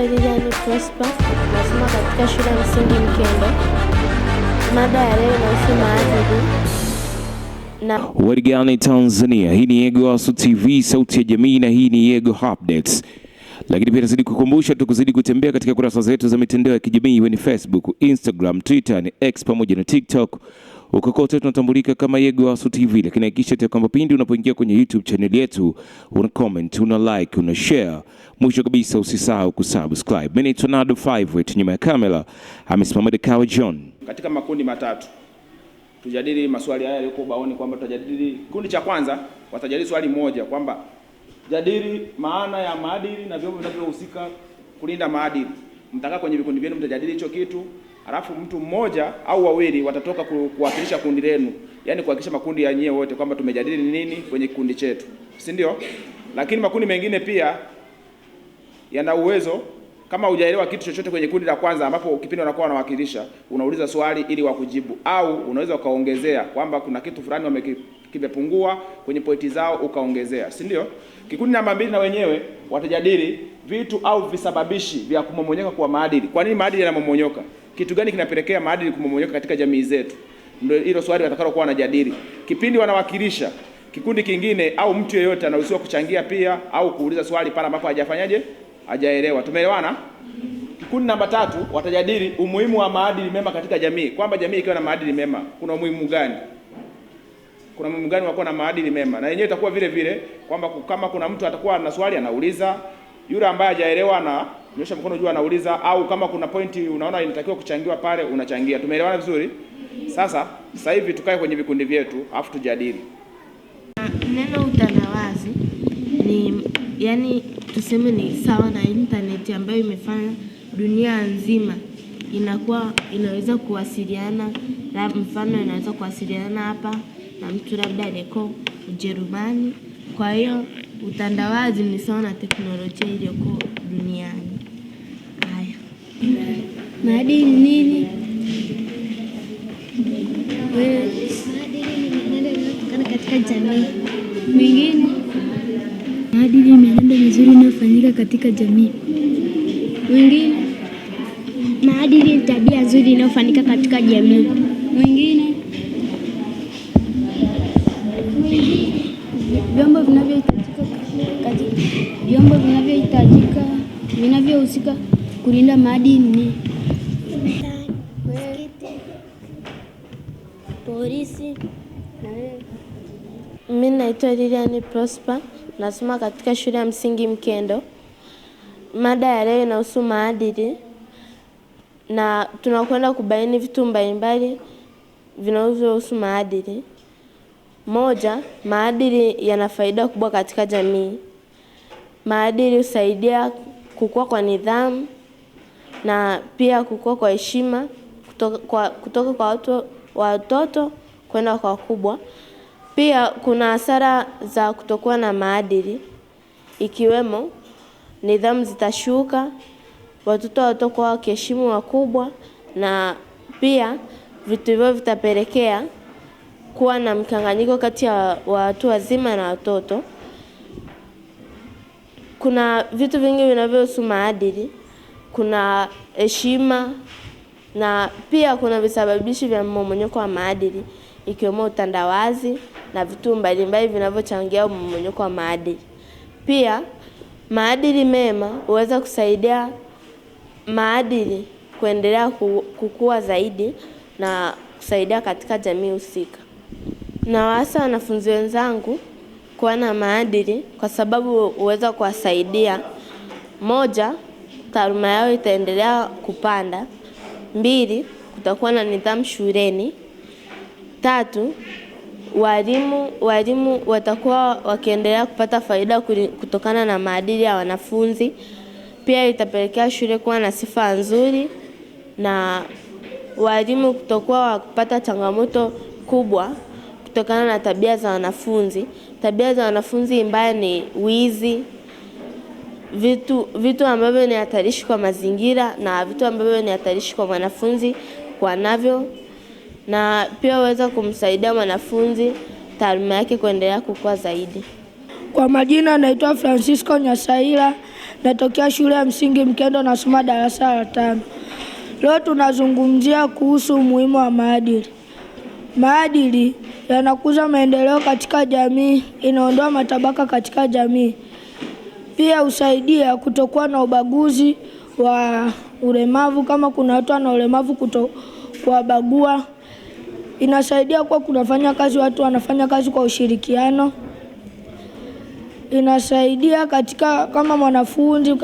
historia ni Prosper, nasoma katika shule ya msingi Mkendo. Mada ya leo inahusu maadili warigani Tanzania. Hii ni asu TV, sauti ya jamii, na hii ni Yego Updates lakini pia nazidi kukumbusha tukuzidi kutembea katika kurasa zetu za mitandao ya kijamii iwe ni Facebook, Instagram, Twitter, ni X pamoja na TikTok huko kote tunatambulika kama Yegowasu TV, lakini hakikisha tu kwamba pindi unapoingia kwenye YouTube channel yetu una comment, una like, una share. Mwisho kabisa usisahau kusubscribe. Mimi ni Nado 5 wetu nyuma ya kamera amesimama Dekawa John. Katika makundi matatu tujadili maswali haya yaliyokuwa baoni, kwamba tutajadili. Kundi cha kwanza watajadili swali moja kwamba jadili maana ya maadili na vyombo vinavyohusika kulinda maadili. Mtakaa kwenye vikundi vyenu mtajadili hicho kitu alafu mtu mmoja au wawili watatoka kuwakilisha kundi lenu, yaani kuhakikisha makundi ya nyie wote kwamba tumejadili nini kwenye kikundi chetu, si ndio? Lakini makundi mengine pia yana uwezo kama hujaelewa kitu chochote kwenye kundi la kwanza ambapo kipindi wanakuwa wanawakilisha, unauliza swali ili wakujibu, au unaweza ukaongezea kwamba kuna kitu fulani wamekipungua kwenye pointi zao ukaongezea, si ndio? Kikundi namba mbili na wenyewe watajadili vitu au visababishi vya kumomonyoka kwa maadili. Kwa nini maadili yanamomonyoka? Kitu gani kinapelekea maadili kumomonyoka katika jamii zetu? Ndio hilo swali watakalo kuwa wanajadili kipindi wanawakilisha kikundi kingine, au mtu yeyote anaruhusiwa kuchangia pia au kuuliza swali pale ambapo hajafanyaje, hajaelewa. Tumeelewana? Kikundi namba tatu watajadili umuhimu wa maadili mema katika jamii, kwamba jamii ikiwa na maadili mema kuna umuhimu gani kuna muhimu gani wakuwa na maadili mema, na yenyewe itakuwa vile vile kwamba kama kuna mtu atakuwa na swali anauliza, yule ambaye hajaelewa na nyosha mkono juu, anauliza au kama kuna pointi unaona inatakiwa kuchangiwa pale, unachangia. Tumeelewana vizuri? Sasa sasa hivi tukae kwenye vikundi vyetu afu tujadili neno utandawazi. Ni yani, tuseme ni sawa na intaneti ambayo imefanya dunia nzima inakuwa inaweza kuwasiliana, na mfano inaweza kuwasiliana hapa na mtu labda aliko Ujerumani. Kwa hiyo utandawazi ni sawa na teknolojia iliyoko duniani. Maadili nini? katika jamii. Mengine, maadili ya mienendo mizuri inayofanyika katika jamii. Mwingine, maadili ni tabia nzuri inayofanyika katika jamii. Mwingine, vyombo vinavyohitajika, vyombo vinavyohitajika vinavyohusika kulinda madini. Polisi. Mimi naitwa Lilian Prosper, nasoma katika shule ya msingi Mkendo. Mada ya leo inahusu maadili na tunakwenda kubaini vitu mbalimbali vinavyohusu maadili. Moja, maadili yana faida kubwa katika jamii. Maadili husaidia kukua kwa nidhamu, na pia kukua kwa heshima kutoka kwa, kutoka kwa watu, watoto kwenda kwa wakubwa. Pia kuna hasara za kutokuwa na maadili ikiwemo nidhamu zitashuka, watoto watakuwa wakiheshimu wakubwa, na pia vitu hivyo vitapelekea kuwa na mkanganyiko kati ya watu wazima na watoto. Kuna vitu vingi vinavyohusu maadili kuna heshima na pia kuna visababishi vya mmomonyoko wa maadili ikiwemo utandawazi na vitu mbalimbali vinavyochangia mmomonyoko wa maadili. Pia maadili mema huweza kusaidia maadili kuendelea kukua zaidi na kusaidia katika jamii husika. Nawaasa wanafunzi wenzangu kuwa na maadili kwa sababu huweza kuwasaidia moja taaluma yao itaendelea kupanda. Mbili, kutakuwa na nidhamu shuleni. Tatu, walimu walimu watakuwa wakiendelea kupata faida kutokana na maadili ya wanafunzi. Pia itapelekea shule kuwa na sifa nzuri na walimu kutokuwa wakipata changamoto kubwa kutokana na tabia za wanafunzi. Tabia za wanafunzi mbaya ni wizi, vitu, vitu ambavyo ni hatarishi kwa mazingira na vitu ambavyo ni hatarishi kwa mwanafunzi kwa navyo, na pia waweza kumsaidia mwanafunzi taaluma yake kuendelea kukua zaidi. Kwa majina naitwa Francisco Nyasaila, natokea shule ya msingi Mkendo, nasoma darasa la tano. Leo tunazungumzia kuhusu umuhimu wa maadili. Maadili yanakuza maendeleo katika jamii, inaondoa matabaka katika jamii pia husaidia kutokuwa na ubaguzi wa ulemavu, kama kuna watu wana ulemavu kuto kuwabagua. Inasaidia kuwa kunafanya kazi, watu wanafanya kazi kwa ushirikiano. Inasaidia katika kama mwanafunzi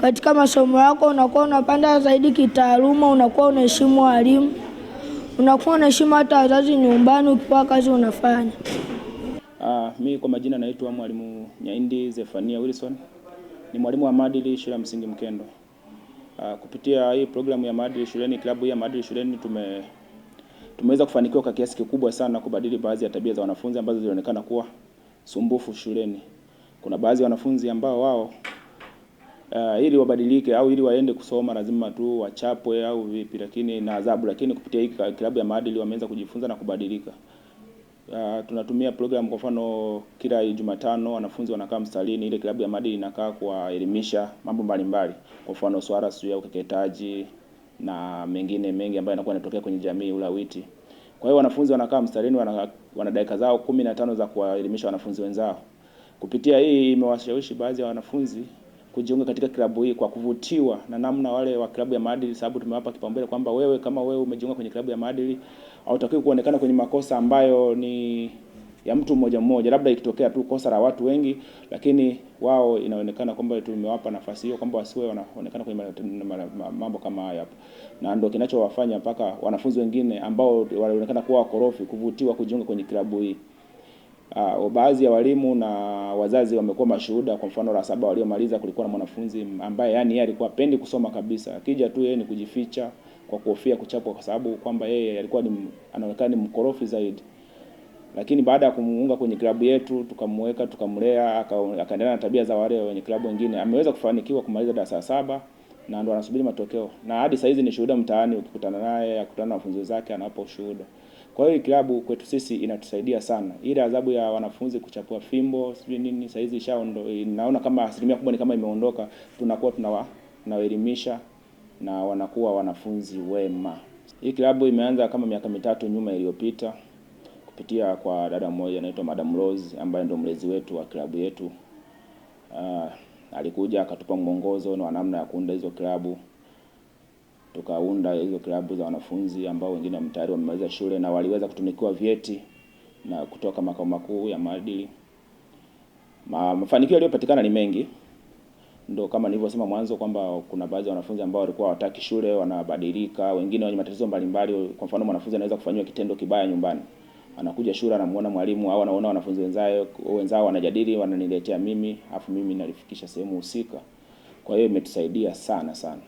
katika masomo yako, unakuwa unapanda zaidi kitaaluma, unakuwa unaheshimu walimu, unakuwa unaheshimu hata wazazi nyumbani, ukipewa kazi unafanya. Uh, mi kwa majina naitwa Mwalimu Nyaindi Zefania Wilson, ni mwalimu wa maadili shule ya msingi Mkendo. Uh, kupitia hii programu ya maadili shuleni, klabu ya maadili shuleni tume tumeweza kufanikiwa kwa kiasi kikubwa sana kubadili baadhi ya tabia za wanafunzi ambazo zilionekana kuwa sumbufu shuleni. Kuna baadhi ya wanafunzi ambao wao uh, ili wabadilike au ili waende kusoma lazima tu wachapwe au vipi, lakini na adhabu. Lakini kupitia hii klabu ya maadili wameanza kujifunza na kubadilika. Uh, tunatumia program kwa mfano, kila Jumatano wanafunzi wanakaa msalini, ile klabu ya maadili inakaa kuwaelimisha mambo mbalimbali, kwa mfano swala sio ya ukeketaji na mengine mengi ambayo yanakuwa yanatokea kwenye jamii, ulawiti. Kwa hiyo wanafunzi wanakaa msalini, wana, wana dakika zao kumi na tano za kuwaelimisha wanafunzi wenzao. Kupitia hii imewashawishi baadhi ya wanafunzi kujiunga katika klabu hii kwa kuvutiwa na namna wale wa klabu ya maadili, sababu tumewapa kipaumbele kwamba wewe kama wewe umejiunga kwenye klabu ya maadili hautakiwi kuonekana kwenye makosa ambayo ni ya mtu mmoja mmoja, labda ikitokea tu kosa la watu wengi, lakini wao inaonekana kwamba tumewapa nafasi hiyo kwamba wasiwe wanaonekana kwenye mambo kama haya hapo, na ndio kinachowafanya mpaka wanafunzi wengine ambao walionekana kuwa wakorofi kuvutiwa kujiunga kwenye klabu hii. Uh, baadhi ya walimu na wazazi wamekuwa mashuhuda. Kwa mfano la saba waliomaliza, kulikuwa na mwanafunzi ambaye yani yeye alikuwa pendi kusoma kabisa, akija tu yeye ni kujificha kwa kuhofia kuchapwa, kwa sababu kwamba yeye alikuwa ni anaonekana ni mkorofi zaidi. Lakini baada ya kumuunga kwenye klabu yetu, tukamweka tukamlea, akaendelea na tabia za wale wenye klabu wengine, ameweza kufanikiwa kumaliza darasa saba na ndo anasubiri matokeo, na hadi saizi ni shuhuda mtaani, ukikutana naye akutana na wanafunzi zake, anapo shuhuda. Kwa hiyo klabu kwetu sisi inatusaidia sana, ile adhabu ya wanafunzi kuchapua fimbo sijui nini saa hizi ishaondo, eh, naona kama asilimia kubwa ni kama imeondoka. Tunakuwa tunawa tunawaelimisha na wanakuwa wanafunzi wema. Hii klabu imeanza kama miaka mitatu nyuma iliyopita kupitia kwa dada mmoja anaitwa Madam Rose ambaye ndio mlezi wetu wa klabu yetu. Uh, alikuja akatupa mwongozo na namna ya kuunda hizo klabu tukaunda hizo klabu za wanafunzi ambao wengine tayari wamemaliza shule na waliweza kutunikiwa vyeti na kutoka makao makuu ya maadili. Ma, mafanikio yaliyopatikana ni mengi, ndo kama nilivyosema mwanzo kwamba kuna baadhi ya wanafunzi ambao walikuwa hawataki shule wanabadilika, wengine wenye matatizo mbalimbali. Kwa mfano, mwanafunzi anaweza kufanyiwa kitendo kibaya nyumbani, anakuja shule, anamuona mwalimu au anaona wanafunzi wenzao wenzao wanajadili, wananiletea mimi, afu mimi nalifikisha sehemu husika. Kwa hiyo imetusaidia sana sana.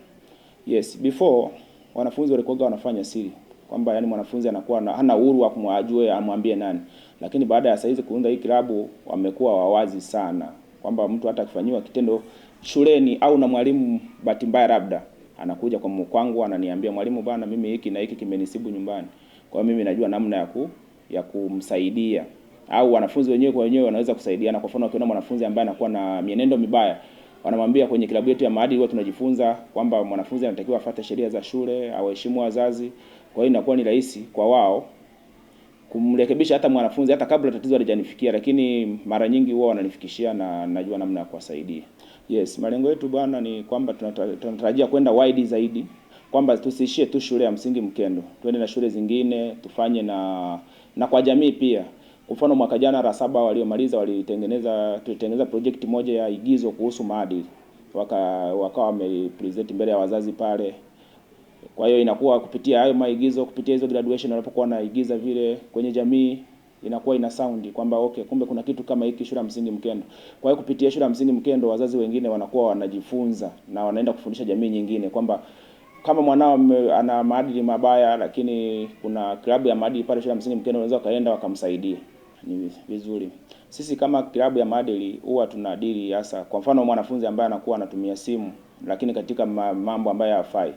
Yes, before wanafunzi walikuwa wanafanya siri kwamba yani mwanafunzi anakuwa na, hana uhuru wa kumwajue amwambie nani, lakini baada ya saizi kuunda hii klabu wamekuwa wawazi sana kwamba mtu hata akifanyiwa kitendo shuleni au na mwalimu bahati mbaya labda anakuja kwa mkwangu ananiambia, mwalimu bana, mimi hiki na hiki kimenisibu nyumbani, kwa mimi najua namna ya ku, ya kumsaidia au wanafunzi wenyewe kwa wenyewe wanaweza kusaidiana. Kwa mfano, akiona mwanafunzi ambaye anakuwa na mienendo mibaya wanamwambia kwenye klabu yetu ya maadili huwa tunajifunza kwamba mwanafunzi anatakiwa afuate sheria za shule, awaheshimu wazazi. Kwa hiyo inakuwa ni rahisi kwa wao kumrekebisha hata mwanafunzi hata kabla tatizo halijanifikia, lakini mara nyingi huwa wananifikishia na najua namna ya kuwasaidia. Yes, malengo yetu bwana ni kwamba tunatarajia kwenda wide zaidi, kwamba tusiishie tu shule ya msingi Mkendo, tuende na shule zingine, tufanye na na kwa jamii pia. Kwa mfano mwaka jana la saba waliomaliza walitengeneza tulitengeneza project moja ya igizo kuhusu maadili, waka wakawa wamepresent mbele ya wazazi pale. Kwa hiyo inakuwa kupitia hayo maigizo, kupitia hizo graduation, wanapokuwa naigiza vile kwenye jamii inakuwa ina sound kwamba okay, kumbe kuna kitu kama hiki shule ya msingi Mkendo. Kwa hiyo kupitia shule ya msingi Mkendo, wazazi wengine wanakuwa wanajifunza na wanaenda kufundisha jamii nyingine kwamba kama mwanao ana maadili mabaya, lakini kuna klabu ya maadili pale shule ya msingi Mkendo, unaweza wakaenda wakamsaidia ni vizuri. Sisi kama klabu ya maadili huwa tunadili hasa, kwa mfano mwanafunzi ambaye anakuwa anatumia simu lakini katika mambo ambayo hayafai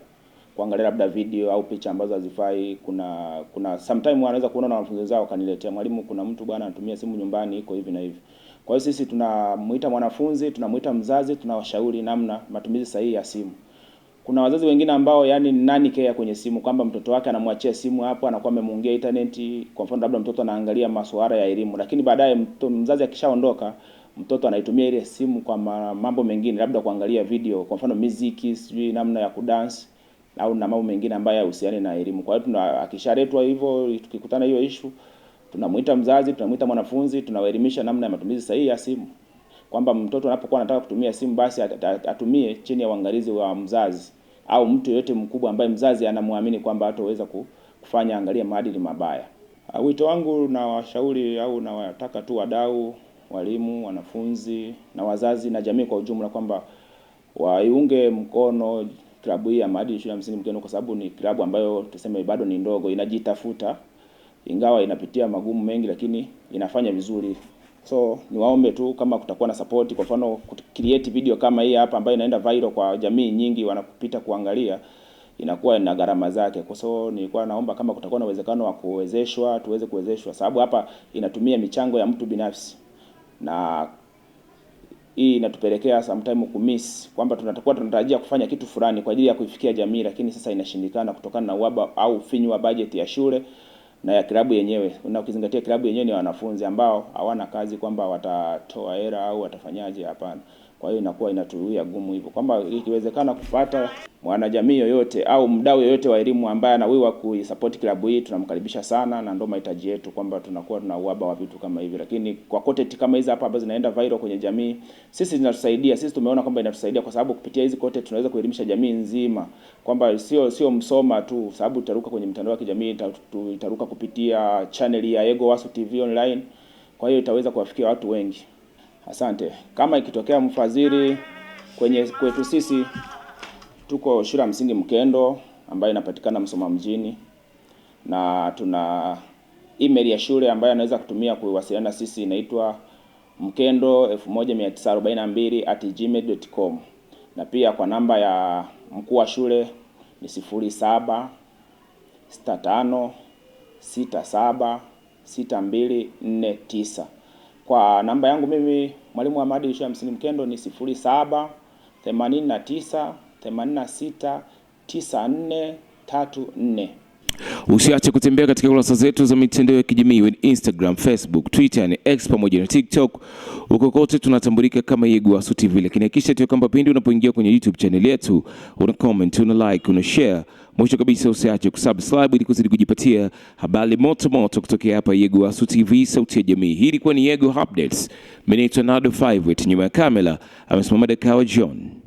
kuangalia labda video au picha ambazo hazifai. Kuna kuna sometime wanaweza kuona na wanafunzi zao kaniletea, mwalimu, kuna mtu bwana anatumia simu nyumbani iko hivi na hivi. Kwa hiyo sisi tunamuita mwanafunzi, tunamuita mzazi, tunawashauri namna matumizi sahihi ya simu. Kuna wazazi wengine ambao yani nani kea kwenye simu, kwamba mtoto wake anamwachia simu hapo, anakuwa amemuungia internet. Kwa mfano labda mtoto anaangalia masuala ya elimu, lakini baadaye mzazi akishaondoka mtoto anaitumia ile simu kwa mambo mengine, labda kuangalia video, kwa mfano muziki, sijui namna ya kudance au na mambo mengine ambayo hayahusiani na elimu. Kwa hiyo tuna akishaletwa hivyo, tukikutana hiyo issue, tunamuita mzazi, tunamuita mwanafunzi, tunawaelimisha namna ya matumizi sahihi ya simu, kwamba mtoto anapokuwa anataka kutumia simu basi atumie chini ya uangalizi wa mzazi au mtu yoyote mkubwa ambaye mzazi anamwamini kwamba hataweza kufanya angalia maadili mabaya. Ah, wito wangu na washauri au nawataka tu wadau, walimu, wanafunzi na wazazi na jamii kwa ujumla kwamba waiunge mkono klabu hii ya maadili shule ya msingi Mkeno kwa sababu ni klabu ambayo tuseme bado ni ndogo, inajitafuta, ingawa inapitia magumu mengi, lakini inafanya vizuri. So niwaombe tu kama kutakuwa na support, kwa mfano create video kama hii hapa ambayo inaenda viral kwa jamii nyingi, wanakupita kuangalia, inakuwa na gharama zake. Kwa so nilikuwa naomba kama kutakuwa na uwezekano wa kuwezeshwa, tuweze kuwezeshwa, sababu hapa inatumia michango ya mtu binafsi na hii inatupelekea sometime kumiss kwamba tunatakuwa tunatarajia kufanya kitu fulani kwa ajili ya kuifikia jamii, lakini sasa inashindikana kutokana na uhaba au ufinyu wa bajeti ya shule na ya klabu yenyewe, na ukizingatia klabu yenyewe ni wanafunzi ambao hawana kazi kwamba watatoa hela au watafanyaje. Hapana, kwa hiyo inakuwa inatuia gumu hivyo kwamba ikiwezekana kupata mwanajamii yoyote au mdau yoyote wa elimu ambaye anawiwa kuisupport klabu hii, tunamkaribisha sana, na ndio mahitaji yetu kwamba tunakuwa tuna uhaba wa vitu kama hivi, lakini kwa content kama hizi hapa ambazo zinaenda viral kwenye jamii, sisi zinatusaidia. Sisi tumeona kwamba inatusaidia kwa sababu kupitia hizi content tunaweza kuelimisha jamii nzima kwamba sio sio msoma tu, sababu itaruka kwenye mtandao wa kijamii, itaruka kupitia channel ya Ego Wasu TV online, kwa hiyo itaweza kuwafikia watu wengi. Asante. Kama ikitokea mfadhili kwenye kwetu sisi tuko shule ya msingi Mkendo ambayo inapatikana Msoma mjini, na tuna email ya shule ambayo anaweza kutumia kuwasiliana sisi, inaitwa mkendo gmail.com, na pia kwa namba ya mkuu wa shule ni 0765676249. Kwa namba yangu mimi Mwalimu Hamadi Ishaya Mkendo ni sita tisa 86 94 nne Usiache kutembea katika kurasa zetu za mitandao ya kijamii Instagram, Facebook, Twitter na X pamoja na TikTok. Huko kote tunatambulika kama Yeguasu TV, lakini hakikisha tu kwamba pindi unapoingia kwenye YouTube channel yetu una comment, una like, una share. Mwisho kabisa usiache kusubscribe ili kuzidi kujipatia habari moto moto kutokea hapa Yeguasu TV, sauti ya jamii. Hii ilikuwa ni Yego Updates. Mimi naitwa Nado 5 nyuma ya kamera amesimama Dakawa John.